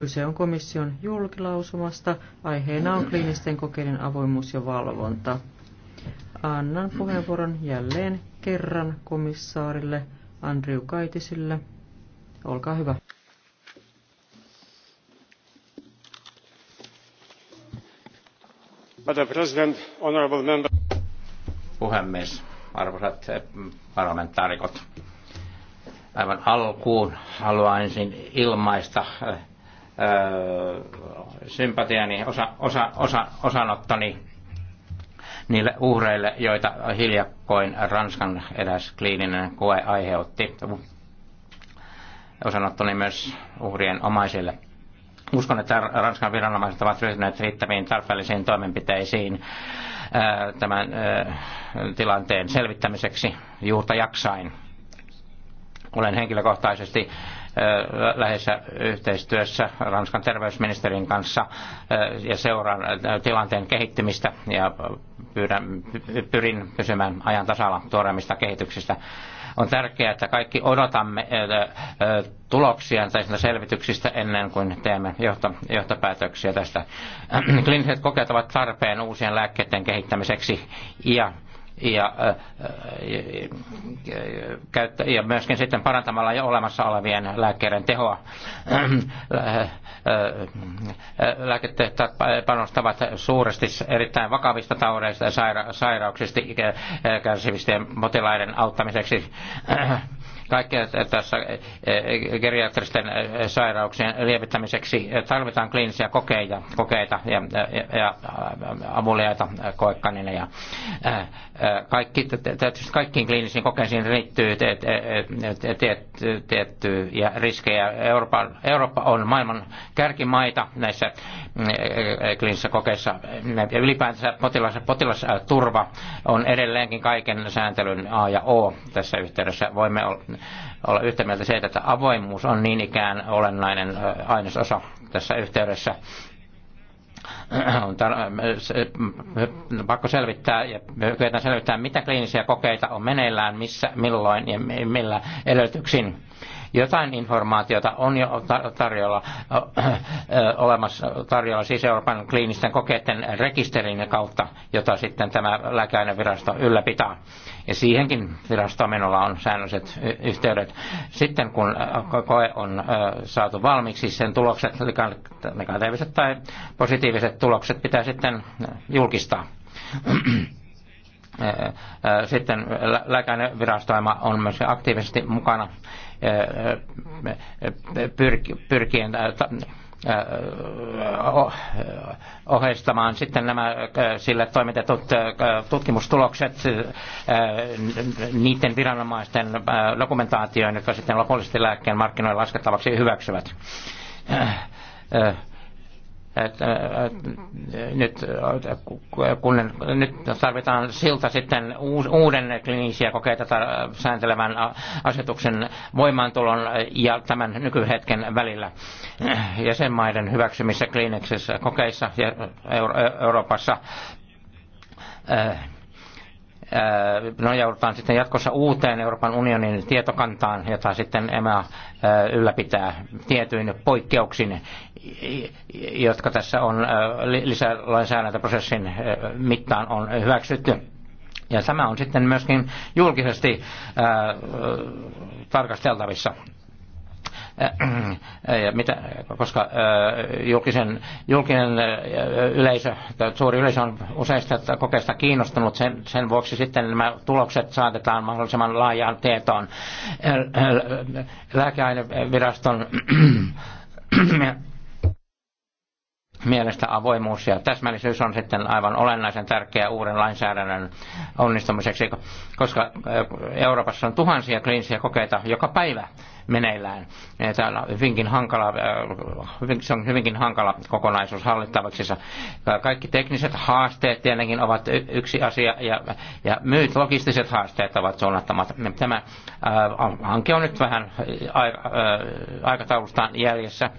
Kyse on komission julkilausumasta. Aiheena on kliinisten kokeiden avoimuus ja valvonta. Annan puheenvuoron jälleen kerran komissaarille Andriu Kaitisille. Olkaa hyvä. Madam President, honorable member. Puhemies, arvoisat eh, parlamentaarikot. Aivan alkuun haluaisin ilmaista eh, Öö, sympatiani, osa, osa, osa, osanottoni niille uhreille, joita hiljakkoin Ranskan eräs kliininen koe aiheutti. Osanottoni myös uhrien omaisille. Uskon, että Ranskan viranomaiset ovat ryhtyneet riittäviin tarpeellisiin toimenpiteisiin öö, tämän öö, tilanteen selvittämiseksi juurta jaksain. Olen henkilökohtaisesti läheisessä yhteistyössä Ranskan terveysministerin kanssa ja seuraan tilanteen kehittymistä ja pyydän, pyrin pysymään ajan tasalla tuoreimmista kehityksistä on tärkeää, että kaikki odotamme tuloksia tai selvityksistä ennen kuin teemme johtopäätöksiä tästä. Kliiniset kokeet ovat tarpeen uusien lääkkeiden kehittämiseksi ja ja, ja, ja myöskin sitten parantamalla jo olemassa olevien lääkkeiden tehoa. Lääketehtaat panostavat suuresti erittäin vakavista taudeista ja saira- sairauksista kärsivistä potilaiden auttamiseksi Kaikkea tässä eh, eh, geriatristen eh, sairauksien lievittämiseksi tarvitaan kliinisiä kokeita, kokeita ja, ja, ja avuliaita koekkanina. Ja, kaikki, tietysti kaikkiin kliinisiin kokeisiin liittyy tiettyjä riskejä. Eurooppa, Eurooppa on maailman kärkimaita näissä mm, kliinisissä kokeissa. Ja ylipäänsä potilas, potilasturva on edelleenkin kaiken sääntelyn A ja O tässä yhteydessä. Voimme olla yhtä mieltä se, että avoimuus on niin ikään olennainen ainesosa tässä yhteydessä on pakko selvittää ja kyetään selvittää, mitä kliinisiä kokeita on meneillään, missä, milloin ja millä edellytyksin. Jotain informaatiota on jo tarjolla, olemassa tarjolla siis Euroopan kliinisten kokeiden rekisterin kautta, jota sitten tämä lääkeainevirasto ylläpitää. Ja siihenkin virastomenolla on säännölliset yhteydet. Sitten kun äh, koe on äh, saatu valmiiksi, sen tulokset, negatiiviset tai positiiviset tulokset pitää sitten äh, julkistaa sitten lääkärivirastoima on myös aktiivisesti mukana pyrkien ohjeistamaan sitten nämä sille toimitetut tutkimustulokset niiden viranomaisten dokumentaatioon, jotka sitten lopullisesti lääkkeen markkinoille laskettavaksi hyväksyvät Äh, nyt, äh, kun, nyt tarvitaan silta sitten uuden kliinisiä kokeita sääntelevän asetuksen voimaantulon ja tämän nykyhetken välillä jäsenmaiden hyväksymissä kliinisissä kokeissa ja Euroopassa äh, nojaudutaan sitten jatkossa uuteen Euroopan unionin tietokantaan, jota sitten EMA ylläpitää tietyin poikkeuksin jotka tässä on äh, lisälainsäädäntöprosessin äh, mittaan on hyväksytty. Ja tämä on sitten myöskin julkisesti äh, tarkasteltavissa ja mitä, koska julkisen, julkinen yleisö, suuri yleisö on useista kokeista kiinnostunut, sen, sen vuoksi sitten nämä tulokset saatetaan mahdollisimman laajaan tietoon. Lääkeaineviraston mielestä avoimuus ja täsmällisyys on sitten aivan olennaisen tärkeä uuden lainsäädännön onnistumiseksi, koska Euroopassa on tuhansia kliinisiä kokeita joka päivä meneillään. Täällä on hyvinkin hankala, se on hyvinkin hankala kokonaisuus hallittavaksi. Kaikki tekniset haasteet tietenkin ovat yksi asia ja, ja myyt logistiset haasteet ovat suunnattomat. Tämä hanke on nyt vähän aikataulustaan jäljessä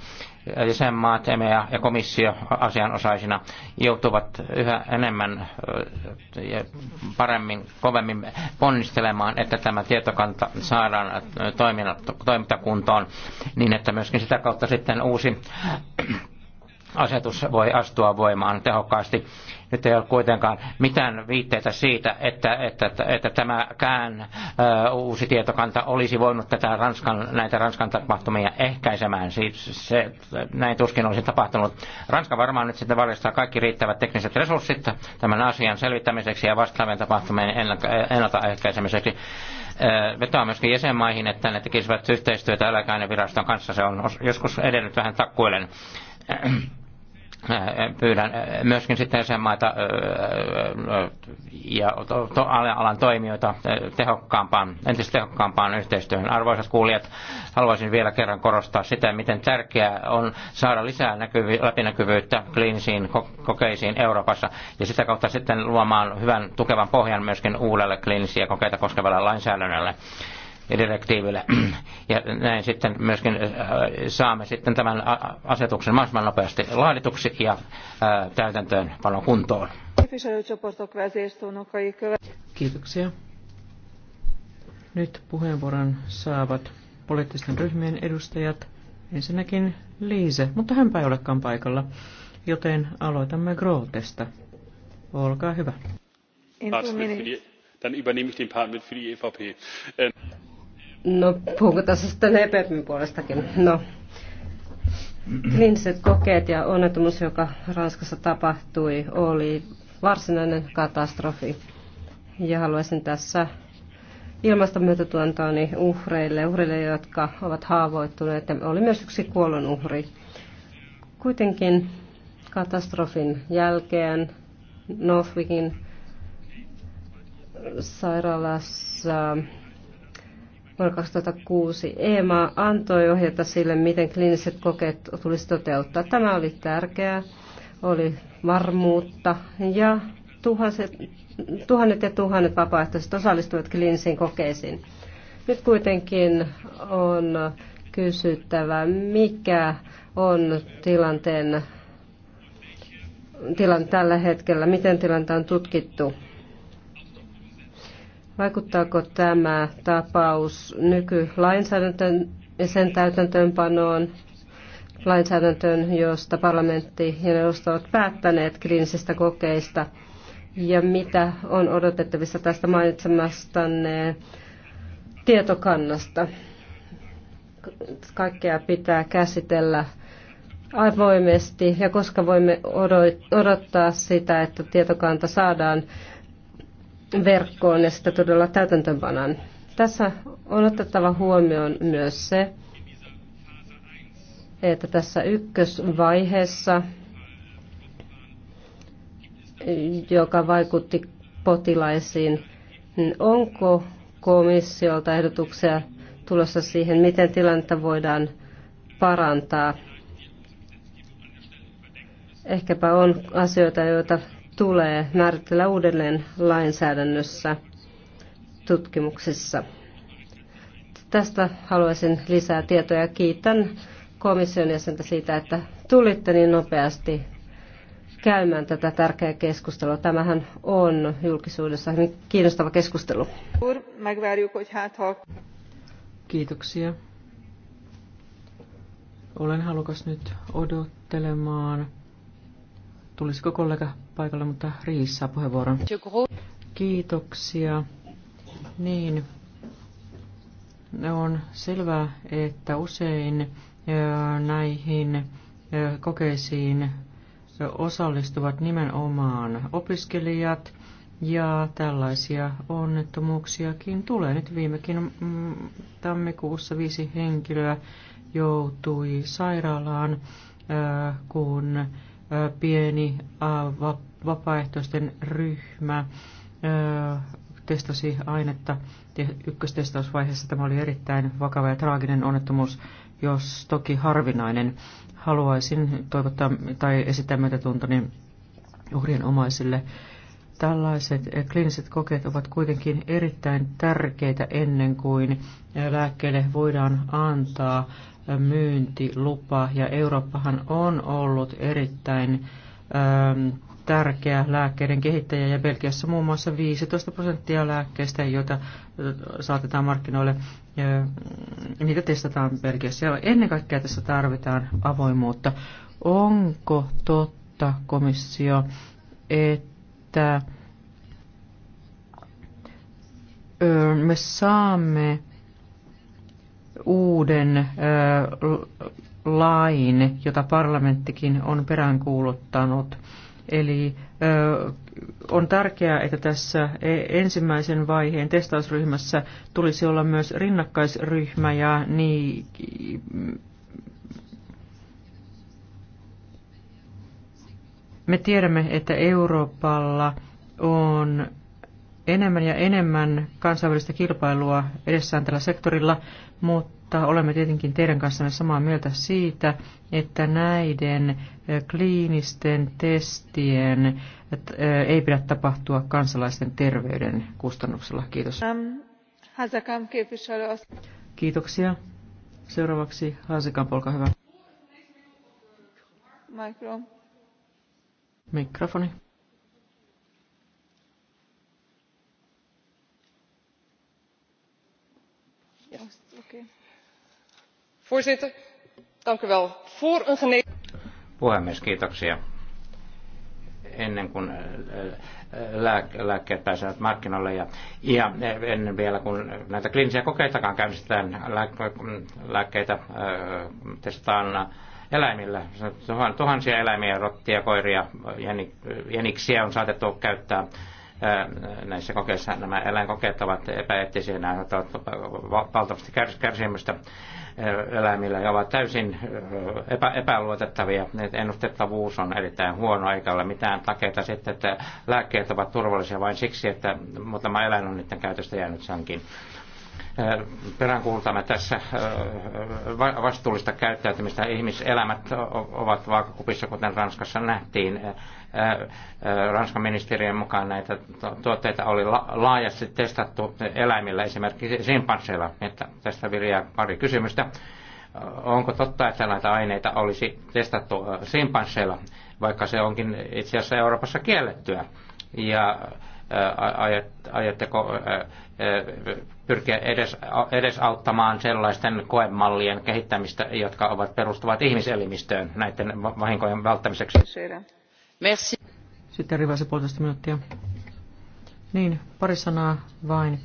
jäsenmaat, EMEA ja komissio asianosaisina joutuvat yhä enemmän ja paremmin, kovemmin ponnistelemaan, että tämä tietokanta saadaan toimintakuntoon niin, että myöskin sitä kautta sitten uusi asetus voi astua voimaan tehokkaasti. Nyt ei ole kuitenkaan mitään viitteitä siitä, että, että, että, että tämäkään ö, uusi tietokanta olisi voinut tätä Ranskan, näitä Ranskan tapahtumia ehkäisemään. Siis se, näin tuskin olisi tapahtunut. Ranska varmaan nyt sitten valistaa kaikki riittävät tekniset resurssit tämän asian selvittämiseksi ja vastaavien tapahtumien ennaltaehkäisemiseksi vetoa myöskin jäsenmaihin, että ne tekisivät yhteistyötä eläkäinen viraston kanssa. Se on joskus edennyt vähän takkuilen pyydän äh, myöskin sitten jäsenmaita äh, äh, ja alan toimijoita tehokkaampaan, entistä tehokkaampaan yhteistyöhön. Arvoisat kuulijat, haluaisin vielä kerran korostaa sitä, miten tärkeää on saada lisää näkyvi, läpinäkyvyyttä kliinisiin kokeisiin Euroopassa ja sitä kautta sitten luomaan hyvän tukevan pohjan myöskin uudelle kliinisiä kokeita koskevalle lainsäädännölle direktiiville. Ja näin sitten myöskin äh, saamme sitten tämän asetuksen mahdollisimman nopeasti laadituksi ja äh, täytäntöön panon kuntoon. Kiitoksia. Nyt puheenvuoron saavat poliittisten ryhmien edustajat. Ensinnäkin Liise, mutta hänpä ei olekaan paikalla, joten aloitamme Grootesta. Olkaa hyvä. Dann übernehme ich den Part mit für die EVP. Ähm, No, puhunko tässä sitten EPPn puolestakin? No, kliniset kokeet ja onnettomuus, joka Ranskassa tapahtui, oli varsinainen katastrofi. Ja haluaisin tässä ilmaista myötätuontoani uhreille, uhreille, jotka ovat haavoittuneet. Oli myös yksi uhri. Kuitenkin katastrofin jälkeen Northwickin sairaalassa vuonna 2006 EMA antoi ohjata sille, miten kliiniset kokeet tulisi toteuttaa. Tämä oli tärkeää, oli varmuutta ja tuhanset, tuhannet ja tuhannet vapaaehtoiset osallistuivat kliinisiin kokeisiin. Nyt kuitenkin on kysyttävä, mikä on tilanteen tilanne tällä hetkellä, miten tilanne on tutkittu. Vaikuttaako tämä tapaus nykylainsäädäntöön ja sen täytäntöönpanoon, lainsäädäntöön, josta parlamentti ja neuvosto ovat päättäneet kriinisistä kokeista? Ja mitä on odotettavissa tästä mainitsemastanne tietokannasta? Kaikkea pitää käsitellä avoimesti ja koska voimme odottaa sitä, että tietokanta saadaan verkkoon ja sitä todella täytäntöpanan. Tässä on otettava huomioon myös se, että tässä ykkösvaiheessa, joka vaikutti potilaisiin, niin onko komissiolta ehdotuksia tulossa siihen, miten tilannetta voidaan parantaa. Ehkäpä on asioita, joita tulee määritellä uudelleen lainsäädännössä tutkimuksissa. Tästä haluaisin lisää tietoja. Kiitän komission jäsentä siitä, että tulitte niin nopeasti käymään tätä tärkeää keskustelua. Tämähän on julkisuudessa hyvin kiinnostava keskustelu. Kiitoksia. Olen halukas nyt odottelemaan. Tulisiko kollega paikalla, mutta Riis saa puheenvuoron. Kiitoksia. Niin, on selvää, että usein näihin kokeisiin osallistuvat nimenomaan opiskelijat ja tällaisia onnettomuuksiakin tulee. Nyt viimekin mm, tammikuussa viisi henkilöä joutui sairaalaan, kun pieni vapaaehtoisten ryhmä testasi ainetta ykköstestausvaiheessa. Tämä oli erittäin vakava ja traaginen onnettomuus, jos toki harvinainen. Haluaisin toivottaa tai esittää myötätuntoni uhrien omaisille. Tällaiset eh, kliiniset kokeet ovat kuitenkin erittäin tärkeitä ennen kuin eh, lääkkeelle voidaan antaa eh, myyntilupa. Ja Eurooppahan on ollut erittäin ähm, tärkeä lääkkeiden kehittäjä ja Belgiassa muun muassa 15 prosenttia lääkkeistä, joita saatetaan markkinoille, niitä testataan Belgiassa. Ja ennen kaikkea tässä tarvitaan avoimuutta. Onko totta, komissio, että me saamme uuden lain, jota parlamenttikin on peräänkuuluttanut – Eli on tärkeää, että tässä e, ensimmäisen vaiheen testausryhmässä tulisi olla myös rinnakkaisryhmä ja niin, me tiedämme, että Euroopalla on enemmän ja enemmän kansainvälistä kilpailua edessään tällä sektorilla, mutta mutta olemme tietenkin teidän kanssanne samaa mieltä siitä, että näiden kliinisten testien ei pidä tapahtua kansalaisten terveyden kustannuksella. Kiitos. Um, Kiitoksia. Seuraavaksi Hasekamp, olkaa hyvä. Mikrofoni. Yes, okay. Voorzitter, dank u wel. Voor een Puhemies, kiitoksia. Ennen kuin äh, äh, lääkkeet pääsevät markkinoille ja, ja äh, ennen vielä kun näitä kliinisiä kokeitakaan käynnistetään, mm, lääkkeitä testataan eläimillä. Tuhansia eläimiä, rottia, koiria, jäniksiä on saatettu käyttää näissä kokeissa nämä eläinkokeet ovat epäeettisiä, nämä ovat valtavasti kärsimystä eläimillä ja ovat täysin epä, epäluotettavia. Ennustettavuus on erittäin huono, eikä ole mitään takeita sitten, että lääkkeet ovat turvallisia vain siksi, että muutama eläin on niiden käytöstä jäänyt sankin peräänkuultamme tässä vastuullista käyttäytymistä. Ihmiselämät ovat vaakakupissa, kuten Ranskassa nähtiin. Ranskan ministerien mukaan näitä tuotteita oli laajasti testattu eläimillä, esimerkiksi simpansseilla. Tästä viriää pari kysymystä. Onko totta, että näitä aineita olisi testattu simpansseilla, vaikka se onkin itse asiassa Euroopassa kiellettyä? Ja ajatteko pyrkiä edes, auttamaan sellaisten koemallien kehittämistä, jotka ovat perustuvat ihmiselimistöön näiden vahinkojen välttämiseksi. Merci. Sitten rivasi puolitoista minuuttia. Niin, pari sanaa vain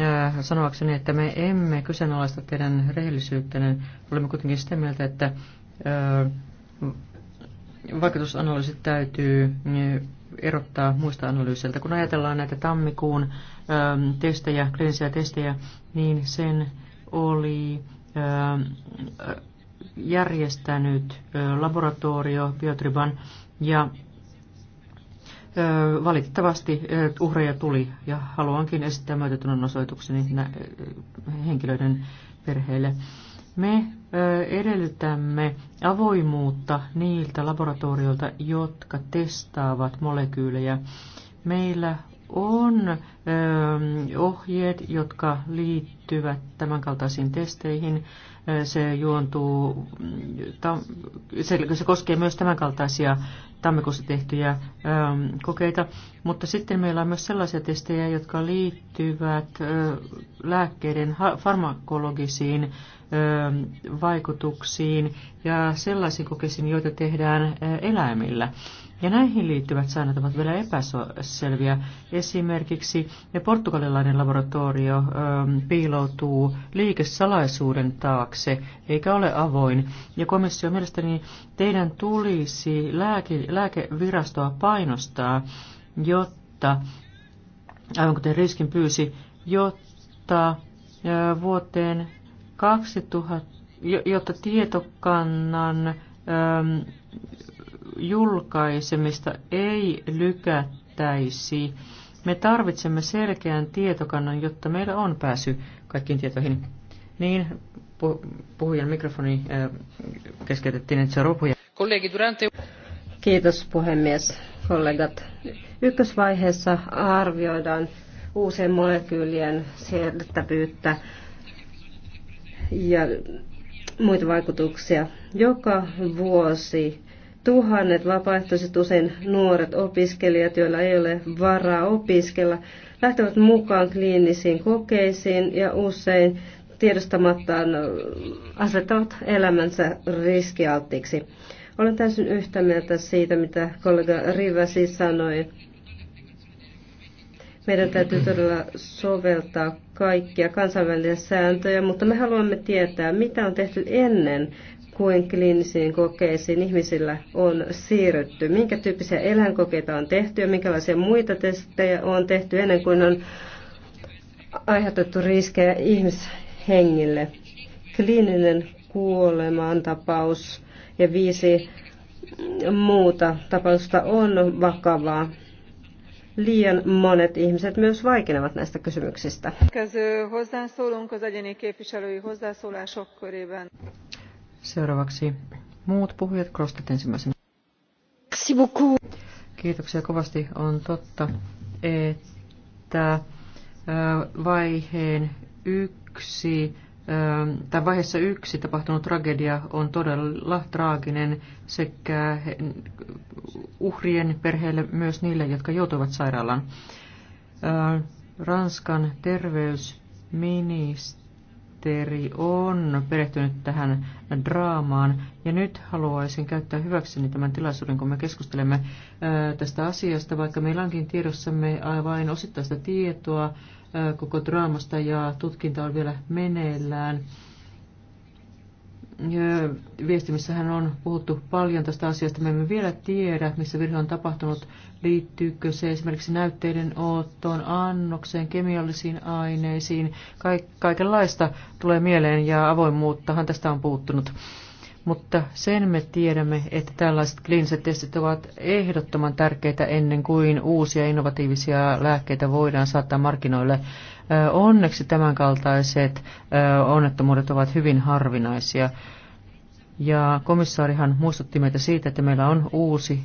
äh, sanoakseni, että me emme kyseenalaista teidän rehellisyyttänne. Olemme kuitenkin sitä mieltä, että äh, vaikutusanalyysit täytyy äh, erottaa muista analyyseiltä. Kun ajatellaan näitä tammikuun ähm, testejä, kliinisiä testejä, niin sen oli ähm, järjestänyt äh, laboratorio Biotriban ja äh, Valitettavasti äh, uhreja tuli ja haluankin esittää myötätunnon osoitukseni henkilöiden perheille. Me edellytämme avoimuutta niiltä laboratorioilta, jotka testaavat molekyylejä. Meillä on ohjeet, jotka liittyvät tämänkaltaisiin testeihin. Se juontuu, se koskee myös tämänkaltaisia tammikuussa tehtyjä kokeita, mutta sitten meillä on myös sellaisia testejä, jotka liittyvät lääkkeiden farmakologisiin vaikutuksiin ja sellaisiin kokeisiin, joita tehdään eläimillä. Ja näihin liittyvät säännöt ovat vielä epäselviä. Esimerkiksi portugalilainen laboratorio piiloutuu liikesalaisuuden taakse, eikä ole avoin. Ja komissio mielestäni teidän tulisi lääke, lääkevirastoa painostaa, jotta, aivan kuten riskin pyysi, jotta vuoteen 2000, jotta tietokannan äm, julkaisemista ei lykättäisi. Me tarvitsemme selkeän tietokannan, jotta meillä on pääsy kaikkiin tietoihin. Niin, puhujan mikrofoni äh, keskeytettiin, että se ropuja. Kollegi Durante. Kiitos puhemies, kollegat. Ykkösvaiheessa arvioidaan uusien molekyylien siedettävyyttä ja muita vaikutuksia. Joka vuosi tuhannet vapaaehtoiset, usein nuoret opiskelijat, joilla ei ole varaa opiskella, lähtevät mukaan kliinisiin kokeisiin ja usein tiedostamattaan asettavat elämänsä riskialttiiksi. Olen täysin yhtä mieltä siitä, mitä kollega Rivasi sanoi meidän täytyy todella soveltaa kaikkia kansainvälisiä sääntöjä, mutta me haluamme tietää, mitä on tehty ennen kuin kliinisiin kokeisiin ihmisillä on siirrytty. Minkä tyyppisiä eläinkokeita on tehty ja minkälaisia muita testejä on tehty ennen kuin on aiheutettu riskejä ihmishengille. Kliininen kuoleman tapaus ja viisi muuta tapausta on vakavaa liian monet ihmiset myös vaikenevat näistä kysymyksistä. Seuraavaksi muut puhujat Krostet ensimmäisen. Kiitoksia kovasti. On totta, että vaiheen yksi Tämä vaiheessa yksi tapahtunut tragedia on todella traaginen sekä uhrien perheille myös niille, jotka joutuvat sairaalaan. Ranskan terveysministeri sihteeri on perehtynyt tähän draamaan. Ja nyt haluaisin käyttää hyväkseni tämän tilaisuuden, kun me keskustelemme tästä asiasta, vaikka meillä onkin tiedossamme vain osittaista tietoa koko draamasta ja tutkinta on vielä meneillään viestimissähän on puhuttu paljon tästä asiasta. Me emme vielä tiedä, missä virhe on tapahtunut. Liittyykö se esimerkiksi näytteiden ottoon, annokseen, kemiallisiin aineisiin. Kaikenlaista tulee mieleen ja avoimuuttahan tästä on puuttunut. Mutta sen me tiedämme, että tällaiset kliiniset testit ovat ehdottoman tärkeitä ennen kuin uusia innovatiivisia lääkkeitä voidaan saattaa markkinoille. Onneksi tämänkaltaiset onnettomuudet ovat hyvin harvinaisia. Ja komissaarihan muistutti meitä siitä, että meillä on uusi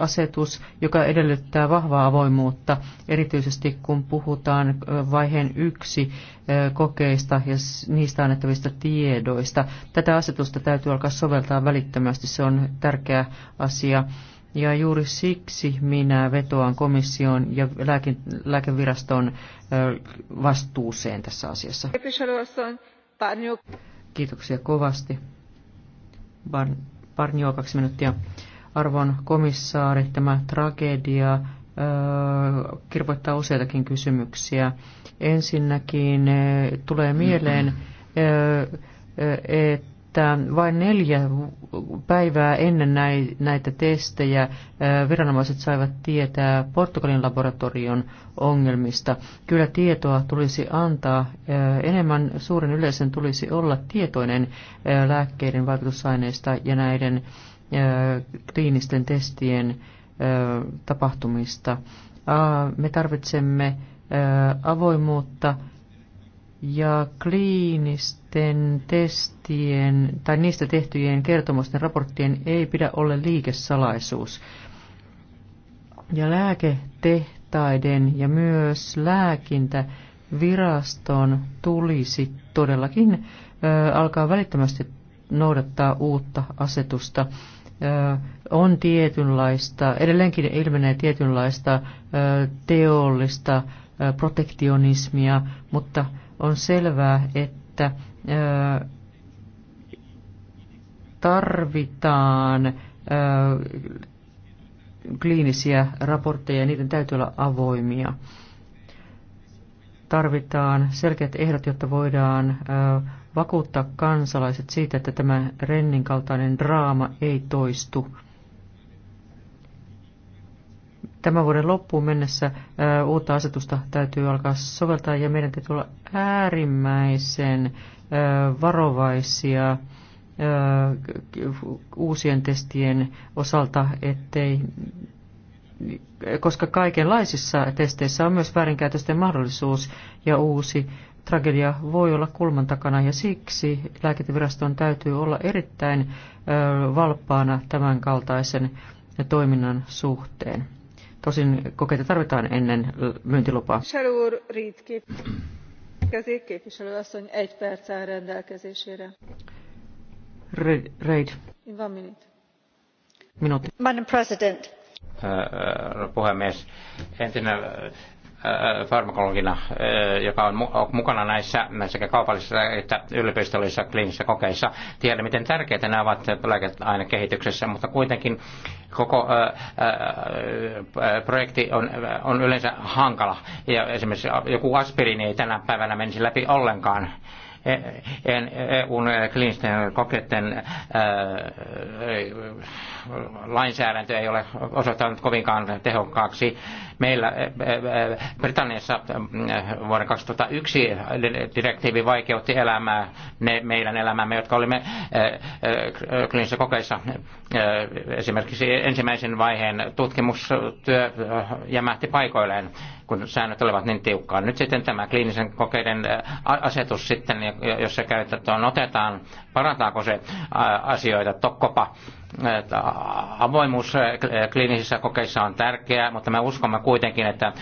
asetus, joka edellyttää vahvaa avoimuutta, erityisesti kun puhutaan vaiheen yksi kokeista ja niistä annettavista tiedoista. Tätä asetusta täytyy alkaa soveltaa välittömästi, se on tärkeä asia. Ja juuri siksi minä vetoan komission ja lääke, lääkeviraston vastuuseen tässä asiassa. Kiitoksia kovasti. Parnio kaksi minuuttia. Arvon komissaari, tämä tragedia kirvoittaa useitakin kysymyksiä. Ensinnäkin tulee mieleen, että että vain neljä päivää ennen näitä testejä viranomaiset saivat tietää Portugalin laboratorion ongelmista. Kyllä tietoa tulisi antaa. Enemmän suuren yleisen tulisi olla tietoinen lääkkeiden vaikutusaineista ja näiden kliinisten testien tapahtumista. Me tarvitsemme avoimuutta ja kliinisten testien tai niistä tehtyjen kertomusten raporttien ei pidä olla liikesalaisuus. Ja lääketehtaiden ja myös lääkintäviraston tulisi todellakin ö, alkaa välittömästi noudattaa uutta asetusta. Ö, on tietynlaista, edelleenkin ilmenee tietynlaista ö, teollista ö, protektionismia, mutta on selvää, että tarvitaan kliinisiä raportteja ja niiden täytyy olla avoimia. Tarvitaan selkeät ehdot, jotta voidaan vakuuttaa kansalaiset siitä, että tämä Rennin kaltainen draama ei toistu tämän vuoden loppuun mennessä uutta asetusta täytyy alkaa soveltaa ja meidän täytyy olla äärimmäisen varovaisia uusien testien osalta, ettei koska kaikenlaisissa testeissä on myös väärinkäytösten mahdollisuus ja uusi tragedia voi olla kulman takana ja siksi lääkeviraston täytyy olla erittäin valppaana tämän kaltaisen toiminnan suhteen. Tosin kokeita tarvitaan ennen myyntilupaa. Sarur Reid. Minuutti. Madam President. Herra puhemies, entinen farmakologina, joka on mukana näissä sekä kaupallisissa että yliopistollisissa kliinisissä kokeissa. Tiedän, miten tärkeitä nämä ovat kehityksessä, mutta kuitenkin koko projekti on, on yleensä hankala. Ja esimerkiksi joku aspiriini ei tänä päivänä menisi läpi ollenkaan. EUn e e kliinisten kokeiden lainsäädäntö ei ole osoittanut kovinkaan tehokkaaksi. Meillä eh, eh, eh, Britanniassa vuoden 2001 direktiivi vaikeutti elämää, ne meidän elämämme, jotka olimme kliinisissä kokeissa. Esimerkiksi ensimmäisen vaiheen tutkimustyö jämähti paikoilleen, kun säännöt olivat niin tiukkaa. Nyt sitten tämä kliinisen kokeiden asetus sitten, jos se käytetään, otetaan, parantaako se asioita, tokkopa avoimuus eh, eh, kliinisissä kokeissa on tärkeää, mutta me uskomme kuitenkin, että,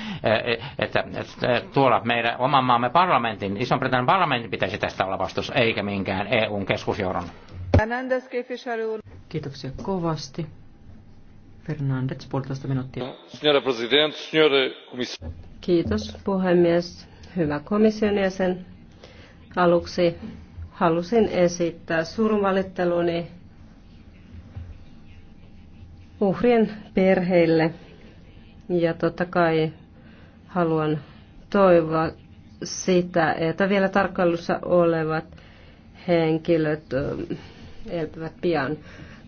eh, että, että tuolla meidän oman maamme parlamentin, Iso-Britannian parlamentin pitäisi tästä olla vastus, eikä minkään EUn keskusjohdon. Kiitoksia kovasti. Fernandes, puolitoista minuuttia. Kiitos puhemies. Hyvä komission jäsen. Aluksi halusin esittää surunvalitteluni uhrien perheille. Ja totta kai haluan toivoa sitä, että vielä tarkkailussa olevat henkilöt ähm, elpyvät pian.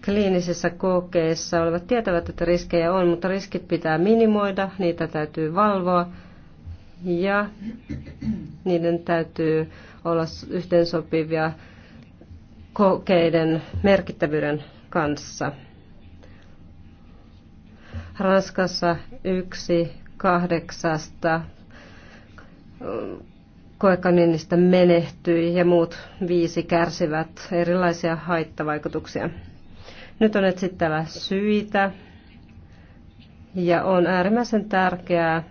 Kliinisissä kokeissa olevat tietävät, että riskejä on, mutta riskit pitää minimoida, niitä täytyy valvoa ja niiden täytyy olla yhteensopivia kokeiden merkittävyyden kanssa. Ranskassa yksi kahdeksasta koekaninista menehtyi ja muut viisi kärsivät erilaisia haittavaikutuksia. Nyt on etsittävä syitä ja on äärimmäisen tärkeää,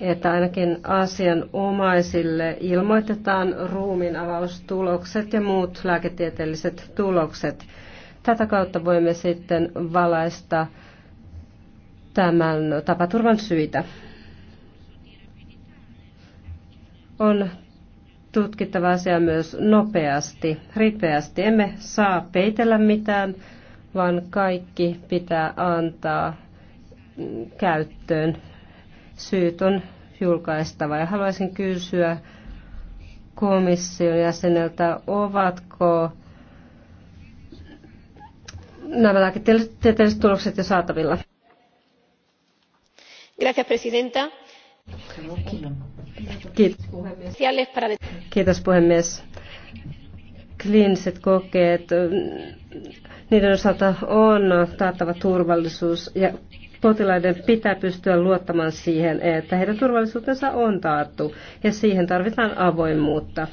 että ainakin asianomaisille ilmoitetaan ruumiinavaustulokset ja muut lääketieteelliset tulokset. Tätä kautta voimme sitten valaista tämän tapaturman syitä. On tutkittava asia myös nopeasti, ripeästi. Emme saa peitellä mitään, vaan kaikki pitää antaa käyttöön. Syyt on julkaistava. Ja haluaisin kysyä komission jäseneltä, ovatko nämä lääketieteelliset tulokset jo saatavilla. Gracias, presidenta. Kiitos puhemies. Kiitos puhemies. Kliiniset kokeet, niiden osalta on taattava turvallisuus ja potilaiden pitää pystyä luottamaan siihen, että heidän turvallisuutensa on taattu ja siihen tarvitaan avoimuutta.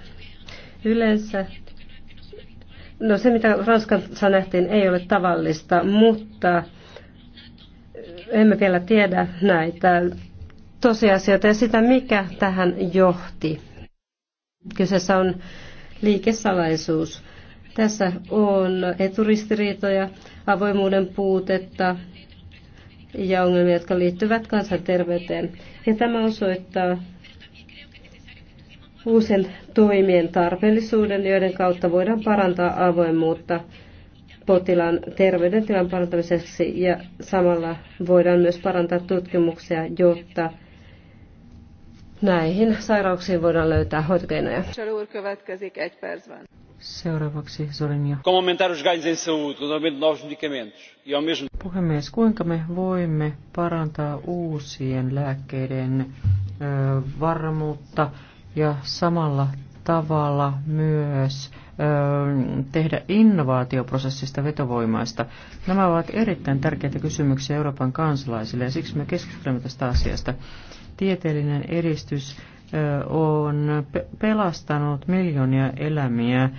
Yleensä No se, mitä Ranskassa nähtiin, ei ole tavallista, mutta emme vielä tiedä näitä tosiasioita ja sitä, mikä tähän johti. Kyseessä on liikesalaisuus. Tässä on eturistiriitoja, avoimuuden puutetta ja ongelmia, jotka liittyvät kansanterveyteen. Ja tämä osoittaa, uusien toimien tarpeellisuuden, joiden kautta voidaan parantaa avoimuutta potilaan terveydentilan parantamiseksi ja samalla voidaan myös parantaa tutkimuksia, jotta näihin sairauksiin voidaan löytää hoitokeinoja. Seuraavaksi Sorinja. E Puhemies, kuinka me voimme parantaa uusien lääkkeiden varmuutta ja samalla tavalla myös tehdä innovaatioprosessista vetovoimaista. Nämä ovat erittäin tärkeitä kysymyksiä Euroopan kansalaisille ja siksi me keskustelemme tästä asiasta. Tieteellinen edistys on pelastanut miljoonia elämiä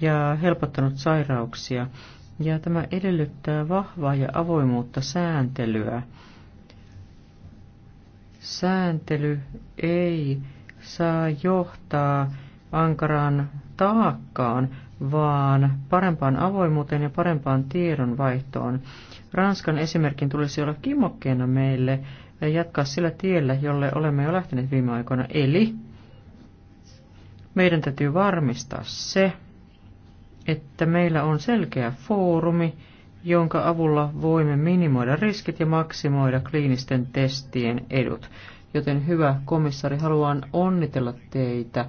ja helpottanut sairauksia. Ja tämä edellyttää vahvaa ja avoimuutta sääntelyä. Sääntely ei saa johtaa ankaraan taakkaan, vaan parempaan avoimuuteen ja parempaan tiedonvaihtoon. Ranskan esimerkin tulisi olla kimokkeena meille ja jatkaa sillä tiellä, jolle olemme jo lähteneet viime aikoina. Eli meidän täytyy varmistaa se, että meillä on selkeä foorumi, jonka avulla voimme minimoida riskit ja maksimoida kliinisten testien edut. Joten hyvä komissari, haluan onnitella teitä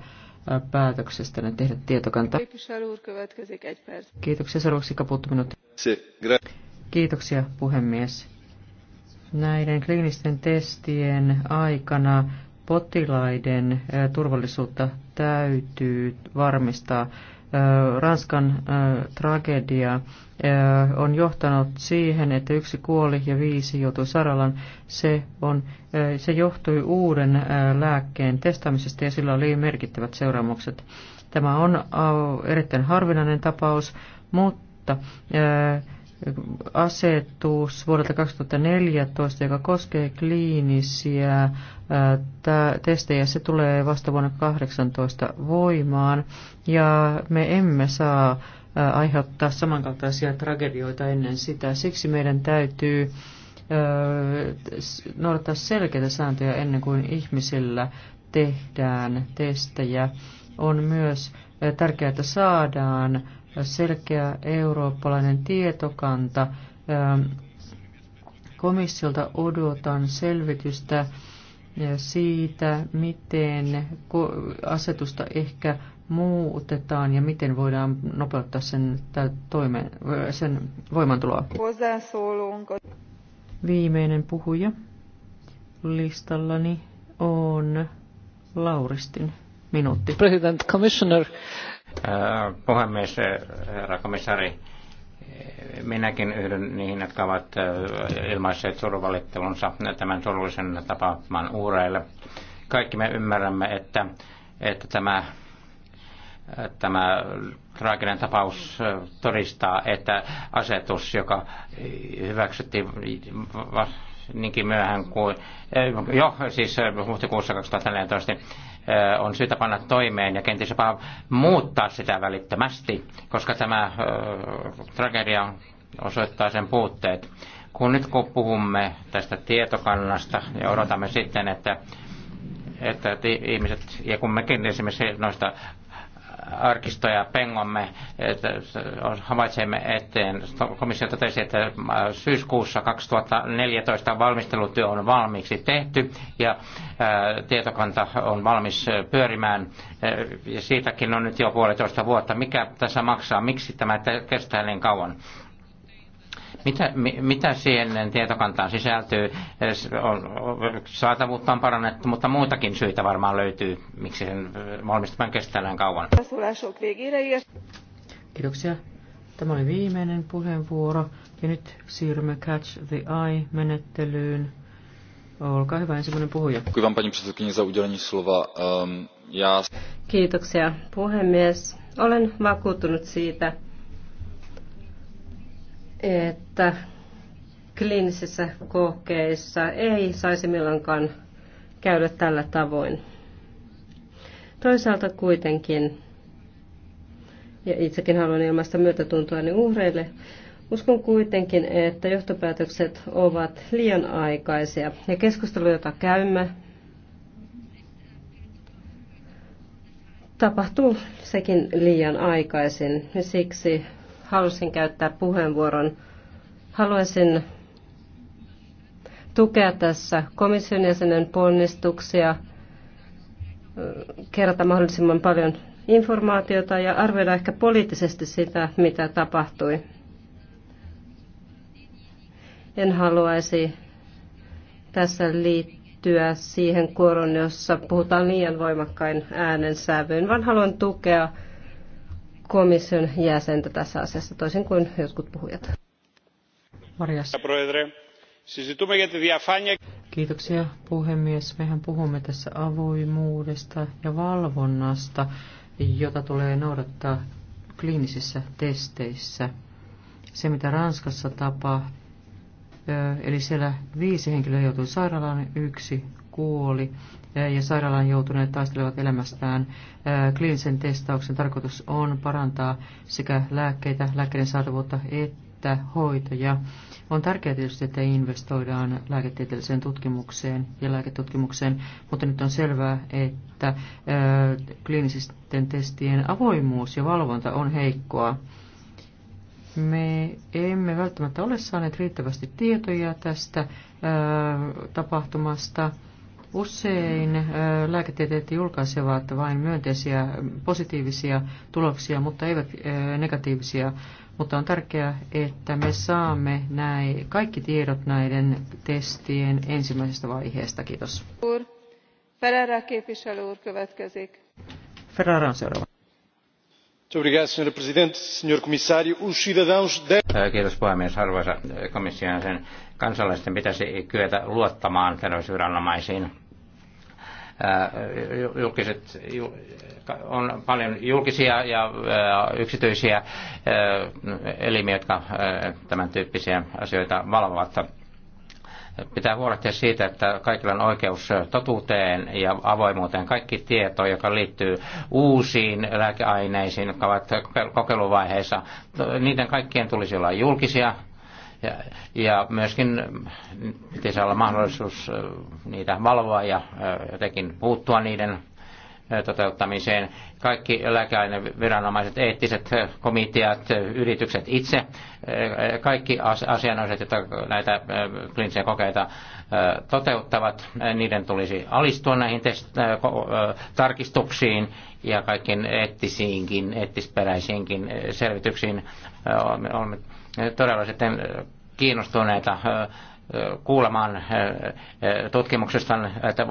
päätöksestänne tehdä tietokanta. Kiitoksia. Seuraavaksi kaputtu minuutti. Kiitoksia puhemies. Näiden kliinisten testien aikana potilaiden turvallisuutta täytyy varmistaa. Ranskan tragedia on johtanut siihen, että yksi kuoli ja viisi joutui saralan. Se, on, se johtui uuden lääkkeen testaamisesta ja sillä oli merkittävät seuraamukset. Tämä on erittäin harvinainen tapaus, mutta asetus vuodelta 2014, joka koskee kliinisiä testejä. Se tulee vasta vuonna 2018 voimaan ja me emme saa aiheuttaa samankaltaisia tragedioita ennen sitä. Siksi meidän täytyy noudattaa selkeitä sääntöjä ennen kuin ihmisillä tehdään testejä. On myös tärkeää, että saadaan selkeä eurooppalainen tietokanta. Ähm, komissiolta odotan selvitystä äh, siitä, miten asetusta ehkä muutetaan ja miten voidaan nopeuttaa sen, toimeen, äh, sen voimantuloa. Viimeinen puhuja listallani on Lauristin minuutti. President Commissioner, Äh, puhemies, äh, herra komissari, äh, minäkin yhdyn niihin, jotka ovat ilmaisseet suruvalittelunsa tämän surullisen tapahtuman uureille. Kaikki me ymmärrämme, että, että tämä, tämä traaginen tapaus todistaa, että asetus, joka hyväksyttiin niinkin myöhään kuin, jo siis huhtikuussa 2014, on syytä panna toimeen ja kenties jopa muuttaa sitä välittömästi, koska tämä tragedia osoittaa sen puutteet. Kun nyt kun puhumme tästä tietokannasta ja odotamme sitten, että että ihmiset, ja kun mekin esimerkiksi noista arkistoja pengomme, että havaitsemme eteen. Komissio totesi, että äh, syyskuussa 2014 valmistelutyö on valmiiksi tehty ja äh, tietokanta on valmis äh, pyörimään. Ja siitäkin on nyt jo puolitoista vuotta. Mikä tässä maksaa? Miksi tämä kestää niin kauan? Mitä, mitä siihen tietokantaan sisältyy? Saatavuutta on parannettu, mutta muitakin syitä varmaan löytyy, miksi sen valmistaminen kestää näin kauan. Kiitoksia. Tämä oli viimeinen puheenvuoro ja nyt siirrymme Catch the Eye-menettelyyn. Olkaa hyvä ensimmäinen puhuja. Ehm, Kiitoksia puhemies. Olen vakuuttunut siitä, että kliinisissä kokeissa ei saisi milloinkaan käydä tällä tavoin. Toisaalta kuitenkin, ja itsekin haluan ilmaista myötätuntoani uhreille, uskon kuitenkin, että johtopäätökset ovat liian aikaisia. Ja keskustelu, jota käymme, tapahtuu sekin liian aikaisin. Ja siksi halusin käyttää puheenvuoron. Haluaisin tukea tässä komission jäsenen ponnistuksia, kerätä mahdollisimman paljon informaatiota ja arvioida ehkä poliittisesti sitä, mitä tapahtui. En haluaisi tässä liittyä siihen kuoron, jossa puhutaan liian voimakkain äänensävyyn, vaan haluan tukea komission jäsentä tässä asiassa, toisin kuin jotkut puhujat. Marjas. Kiitoksia puhemies. Mehän puhumme tässä avoimuudesta ja valvonnasta, jota tulee noudattaa kliinisissä testeissä. Se, mitä Ranskassa tapaa, eli siellä viisi henkilöä joutui sairaalaan, yksi kuoli. Eh, ja sairaalaan joutuneet taistelevat elämästään. Eh, kliinisen testauksen tarkoitus on parantaa sekä lääkkeitä, lääkkeiden saatavuutta että hoitoja. On tärkeää tietysti, että investoidaan lääketieteelliseen tutkimukseen ja lääketutkimukseen, mutta nyt on selvää, että eh, kliinisisten testien avoimuus ja valvonta on heikkoa. Me emme välttämättä ole saaneet riittävästi tietoja tästä tapahtumasta. Usein lääketieteet julkaisevat vain myönteisiä, positiivisia tuloksia, mutta eivät negatiivisia. Mutta on tärkeää, että me saamme näin, kaikki tiedot näiden testien ensimmäisestä vaiheesta. Kiitos. Ferrara képviselő úr Ferrara on seuraava. Kiitos puhemies, arvoisa komission sen kansalaisten pitäisi kyetä luottamaan terveysviranomaisiin julkiset, on paljon julkisia ja yksityisiä elimiä, jotka tämän tyyppisiä asioita valvovat. Pitää huolehtia siitä, että kaikilla on oikeus totuuteen ja avoimuuteen. Kaikki tieto, joka liittyy uusiin lääkeaineisiin, jotka ovat kokeiluvaiheessa, niiden kaikkien tulisi olla julkisia ja, ja myöskin pitäisi olla mahdollisuus niitä valvoa ja jotenkin puuttua niiden toteuttamiseen. Kaikki lääkeaineviranomaiset, eettiset komiteat, yritykset itse, kaikki asianosaiset, jotka näitä kliinisiä kokeita toteuttavat, niiden tulisi alistua näihin tarkistuksiin ja kaikkien eettisiinkin, eettisperäisiinkin selvityksiin. Olemme todella sitten kiinnostuneita kuulemaan tutkimuksesta, että,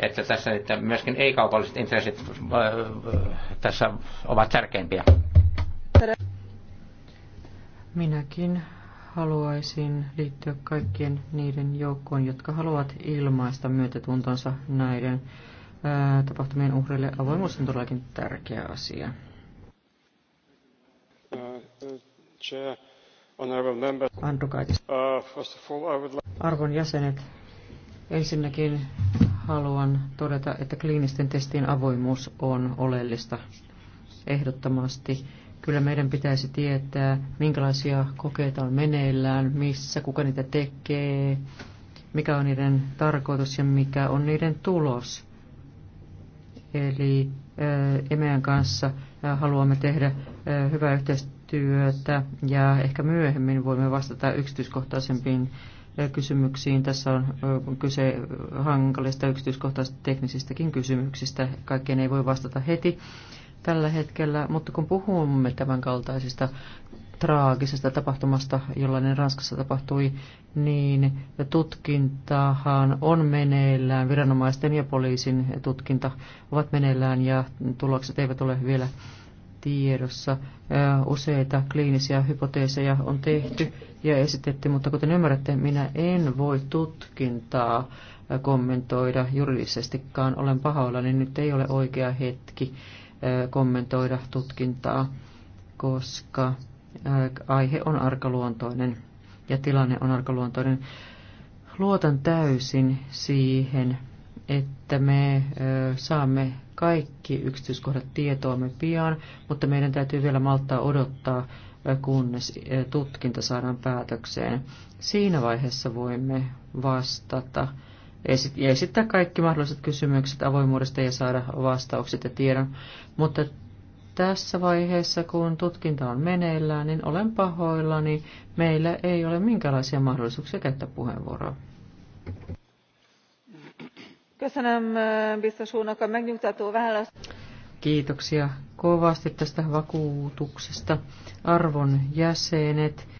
että tässä että myöskin ei-kaupalliset intressit tässä ovat tärkeimpiä. Minäkin haluaisin liittyä kaikkien niiden joukkoon, jotka haluavat ilmaista myötätuntonsa näiden tapahtumien uhreille. Avoimuus on todellakin tärkeä asia. Uh, Arvon jäsenet, ensinnäkin haluan todeta, että kliinisten testien avoimuus on oleellista ehdottomasti. Kyllä meidän pitäisi tietää, minkälaisia kokeita on meneillään, missä, kuka niitä tekee, mikä on niiden tarkoitus ja mikä on niiden tulos. Eli Emeän kanssa haluamme tehdä hyvää yhteistyötä työtä ja ehkä myöhemmin voimme vastata yksityiskohtaisempiin eh, kysymyksiin. Tässä on eh, kyse hankalista yksityiskohtaisista teknisistäkin kysymyksistä. Kaikkeen ei voi vastata heti tällä hetkellä, mutta kun puhumme tämän kaltaisista traagisesta tapahtumasta, jollainen Ranskassa tapahtui, niin tutkintahan on meneillään, viranomaisten ja poliisin tutkinta ovat meneillään ja tulokset eivät ole vielä tiedossa. Useita kliinisiä hypoteeseja on tehty ja esitetty, mutta kuten ymmärrätte, minä en voi tutkintaa kommentoida juridisestikaan. Olen pahoillani, niin nyt ei ole oikea hetki kommentoida tutkintaa, koska aihe on arkaluontoinen ja tilanne on arkaluontoinen. Luotan täysin siihen, että me saamme kaikki yksityiskohdat tietoamme pian, mutta meidän täytyy vielä malttaa odottaa, äh, kunnes äh, tutkinta saadaan päätökseen. Siinä vaiheessa voimme vastata ja esittää kaikki mahdolliset kysymykset avoimuudesta ja saada vastaukset ja tiedon. Mutta tässä vaiheessa, kun tutkinta on meneillään, niin olen pahoillani. Meillä ei ole minkälaisia mahdollisuuksia käyttää puheenvuoroa. Kiitoksia kovasti tästä vakuutuksesta, arvon jäsenet.